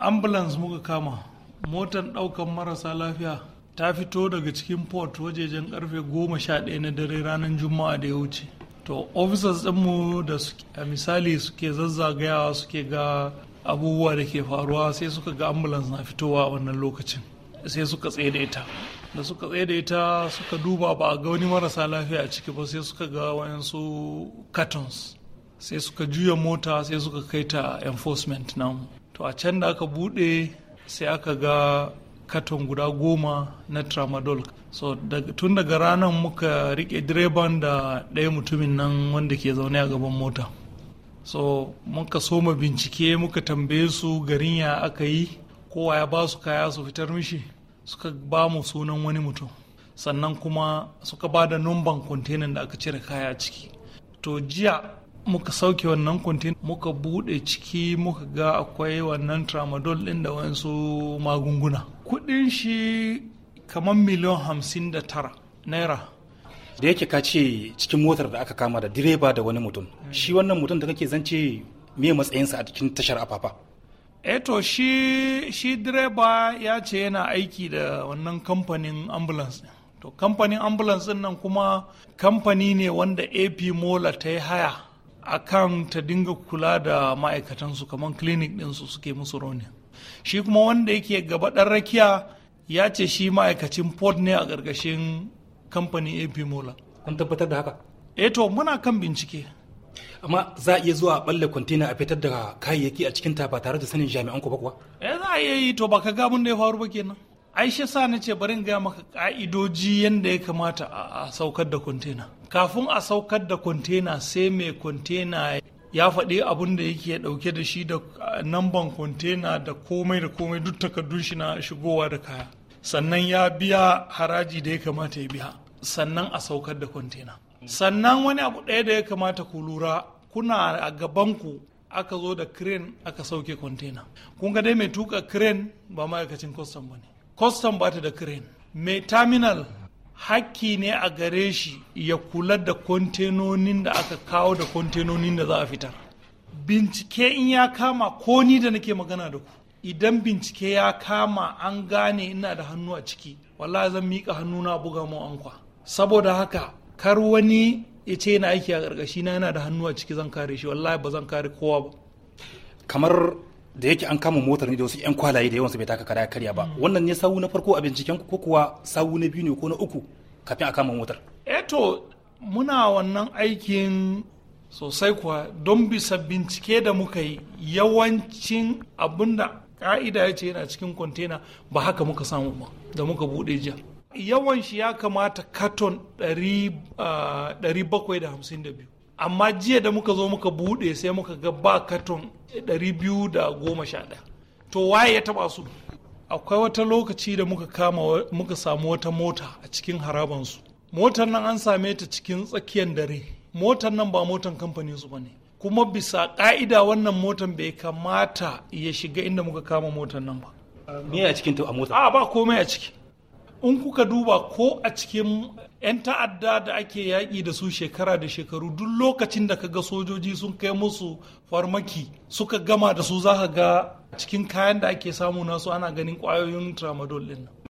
ambulance muka kama motan ɗaukan marasa lafiya ta fito daga cikin port wajejen karfe goma sha na dare ranar juma'a da ya wuce to officers ɗinmu da a misali suke zazzagayawa suke ga abubuwa da ke faruwa sai suka ga ambulance na fitowa a wannan lokacin sai suka tsaye da ita da suka tsaye da ita suka duba ba a ga wani marasa lafiya a ciki ba sai suka ga wayansu cartons sai suka juya mota sai suka kai ta enforcement namu to a can da aka bude sai aka ga katon guda goma na tramadol so tun daga ranar muka rike direban da ɗaya mutumin nan wanda ke zaune a gaban mota so muka soma bincike muka tambaye su garin ya aka yi kowa ya ba su kaya su fitar mishi suka ba mu sunan wani mutum sannan kuma suka ba da numban kontenan da aka cire kaya ciki to jiya muka sauke wannan kwantin muka bude ciki muka ga akwai wannan tramadol din da wasu magunguna kudin shi kamar miliyan hamsin da tara naira da yake ka ce cikin motar da aka kama da direba da wani mutum shi wannan mutum da kake zance me matsayinsa a cikin tashar afafa eto eh shi shi direba ya ce yana aiki da wannan kamfanin ambulance to kamfanin ambulance nan kuma kamfani ne wanda ap mola ta yi haya akan ta dinga kula da ma'aikatansu kamar clinic ɗinsu suke musu ronin shi kuma wanda yake gaba ɗan rakiya ya ce shi ma'aikacin port ne a ƙarƙashin kamfanin ap mola kun tabbatar da haka eh to muna kan bincike amma za a iya zuwa a balle kwantena a fitar da kayayyaki a cikin ta ba tare da sanin jami'an ku ba kuwa eh za a iya yi to ba ka ga mun da ya faru ba kenan aisha sa na ce barin ga maka ka'idoji yadda ya kamata a saukar da kwantena kafin a saukar da kwantena sai mai kwantena ya faɗi abin da yake ɗauke da shi da namban kwantena da komai da komai duk takardun shi na shigowa da kaya sannan ya biya haraji da ya kamata ya biya sannan a saukar da kwantena sannan wani abu ɗaya da ya kamata ku lura kuna a gabanku aka zo da kiren aka sauke kwantena kun ga dai mai tuka kiren ba ma'aikacin kwastam ba ne kwastam ba ta da kiren mai terminal hakki ne a gare shi ya kula da kwantenonin da aka kawo da kwantenonin da za a fitar bincike in ya kama ko ni da nake magana da ku idan bincike ya kama an gane ina da hannu a ciki wala zan mika hannu na buga mu ankwa saboda haka kar wani ya ce yana aiki a ƙarƙashi na yana da hannu a ciki zan kare shi wallahi ba zan kare kowa ba kamar da yake an kama motar ne da wasu 'yan kwalaye da yawansu bai taka kara karya ba mm. wannan ne sawu na farko a binciken ko kuwa sawu na biyu ne ko na uku kafin a kama motar eto eh muna wannan aikin sosai kuwa don bisa bincike da muka yi yawancin abinda ka'ida ya ce yana cikin kwantena ba haka muka samu ba da muka bude jiya yawan shi ya kamata katon 752 amma jiya da muka zo muka bude sai muka ga ba katon 211 to waye ya taba su akwai wata lokaci da muka kama muka samu wata mota a cikin harabansu motar nan an same ta cikin tsakiyar dare motar nan ba motar kamfanin su bane kuma bisa ka'ida wannan motar bai kamata ya shiga inda muka kama motar nan ba me a cikin ta a mota a ba komai a ciki in kuka duba ko a cikin 'yan ta'adda da ake yaƙi da su shekara da shekaru duk lokacin da ka ga sojoji sun kai musu farmaki suka gama da su za ka ga cikin kayan da ake samu nasu ana ganin ƙwayoyin tramadol ɗin